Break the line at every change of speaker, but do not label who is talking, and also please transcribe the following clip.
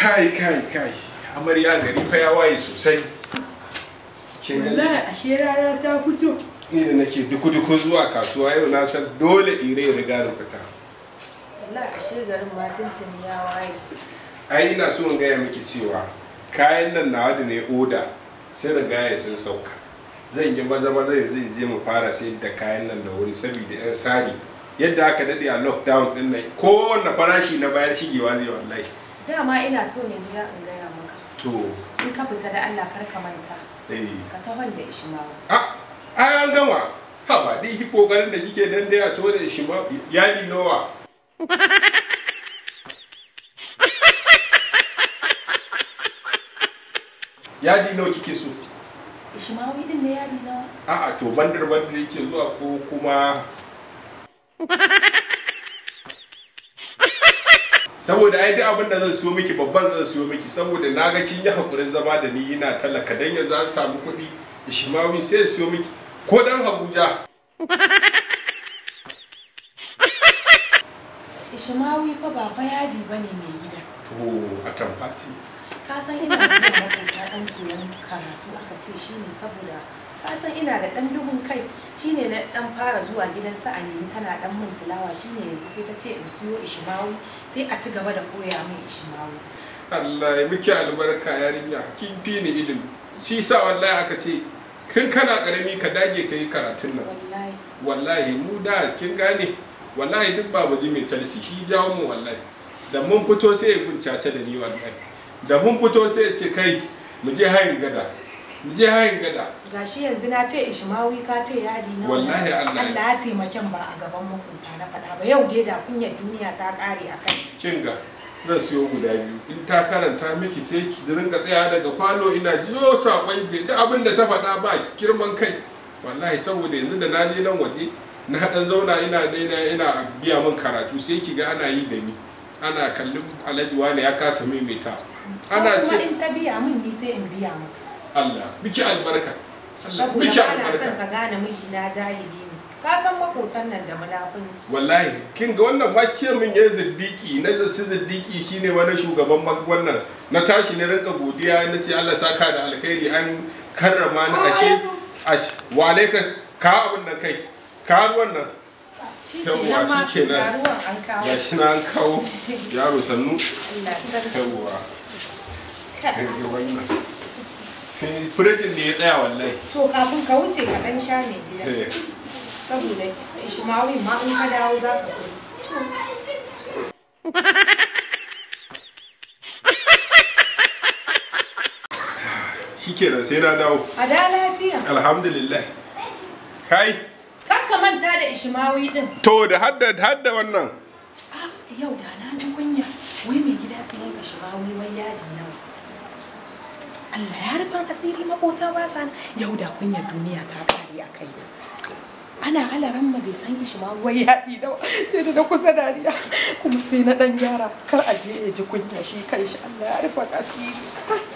kai kai kai amarya gari fa ya waye sosai kin wallahi
ashe rana ta fito
ni da nake duku duku zuwa kasuwa yau na san dole ire ya riga da fita
wallahi ashe garin ma ya waye
ai ina so in gaya miki cewa kayan nan nawa da ne oda sai da ya sun sauka zan yi maza maza yanzu in je mu fara sayar da kayan nan da wuri saboda yan sari yadda aka dade a lockdown din nan kowanne farashi na bayar shigewa zai wallahi
dama ina so ne gida in gaya maka to in ka fita da Allah kar ka manta eh. ka tahon da Ishimawu
a ai an gama ba dai ki garin da kike nan da ya to da Ishimawu yadi nawa yadi nawa kike so
Ishimawu din ne yadi nawa
a'a to bandar bandar yake zuwa ko kuma saboda ai duk abin da zan so miki babban zan so miki saboda na ga kin yi hakurin zama da ni ina talaka dan yanzu an samu kuɗi ishimawi sai so miki ko dan Abuja
Ishimawi fa ba fa yadi bane mai gida
to a tambaci
ka san ina dan koyon karatu aka ce shine saboda ka san ina da ɗan duhun kai shine na ɗan fara zuwa gidan sa Aminu tana ɗan min tilawa shine yanzu sai ta ce in siyo Ishimawu sai a ci gaba da koya min Ishimawu
Allah ya miki albarka yarinya kin fi ni ilimi shi sa wallahi aka ce kin kana karami ka dage kai karatun nan wallahi wallahi mu da kin gane wallahi duk ba baji mai Chelsea shi jawo mu wallahi da mun fito sai ya guncace da ni wallahi da mun fito sai ya ce kai mu je hayin gada mu hayin gada
gashi yanzu na ce ishmawi ka ce yadi na wallahi Allah Allah ya taimaken ba a gaban ta na faɗa ba yau dai da kunyar duniya ta kare akan.
kinga zan siyo guda biyu in ta karanta miki sai ki rinka tsaya daga kwano ina jiyo sakon ki duk abin da ta faɗa ba girman kai wallahi saboda yanzu da na je nan waje na dan zauna ina daina ina biya min karatu sai ki ga ana yi da ni ana kallon alhaji wani ya kasa maimaita ana ce in ta biya min ni sai in biya maka Allah miki albarka miki albarka son ta gane miji
na jahili ne ka san makotan nan da mulafinci wallahi
kin ga wannan bakiyar min ya ziddiki na zaci ziddiki shine wani shugaban wannan na tashi na rinka godiya na ce Allah saka da alkhairi an karrama ni ashe ashe wa alaika ka abin nan kai ka ruwan nan yawwa shi kenan Ya shi na an kawo yaro sannu
yawwa kai
wannan furejin ne ya tsaya wallai.
To kafin ka wuce ka ɗan sha mai gida. Eh. Saboda Ishmawi ma in ka dawo za ka kuri.
Shikenan sai na dawo.
A da lafiya.
Alhamdulillah. Kai.
Kar ka manta da Ishmawi din.
To da hadda hadda wannan.
Ah, yau da na ji kunya. Wai mai gida sai ya Ishmawi wai yadi nawa. Allah ya rufan asiri makota ba sa yau da kunyar duniya ta kare a kai ana alaran ma bai san shi ma wai yaɗi da sai da kusa dariya kuma sai na dan gyara kar a je ya ji kunya shi kan shi Allah ya rufe asiri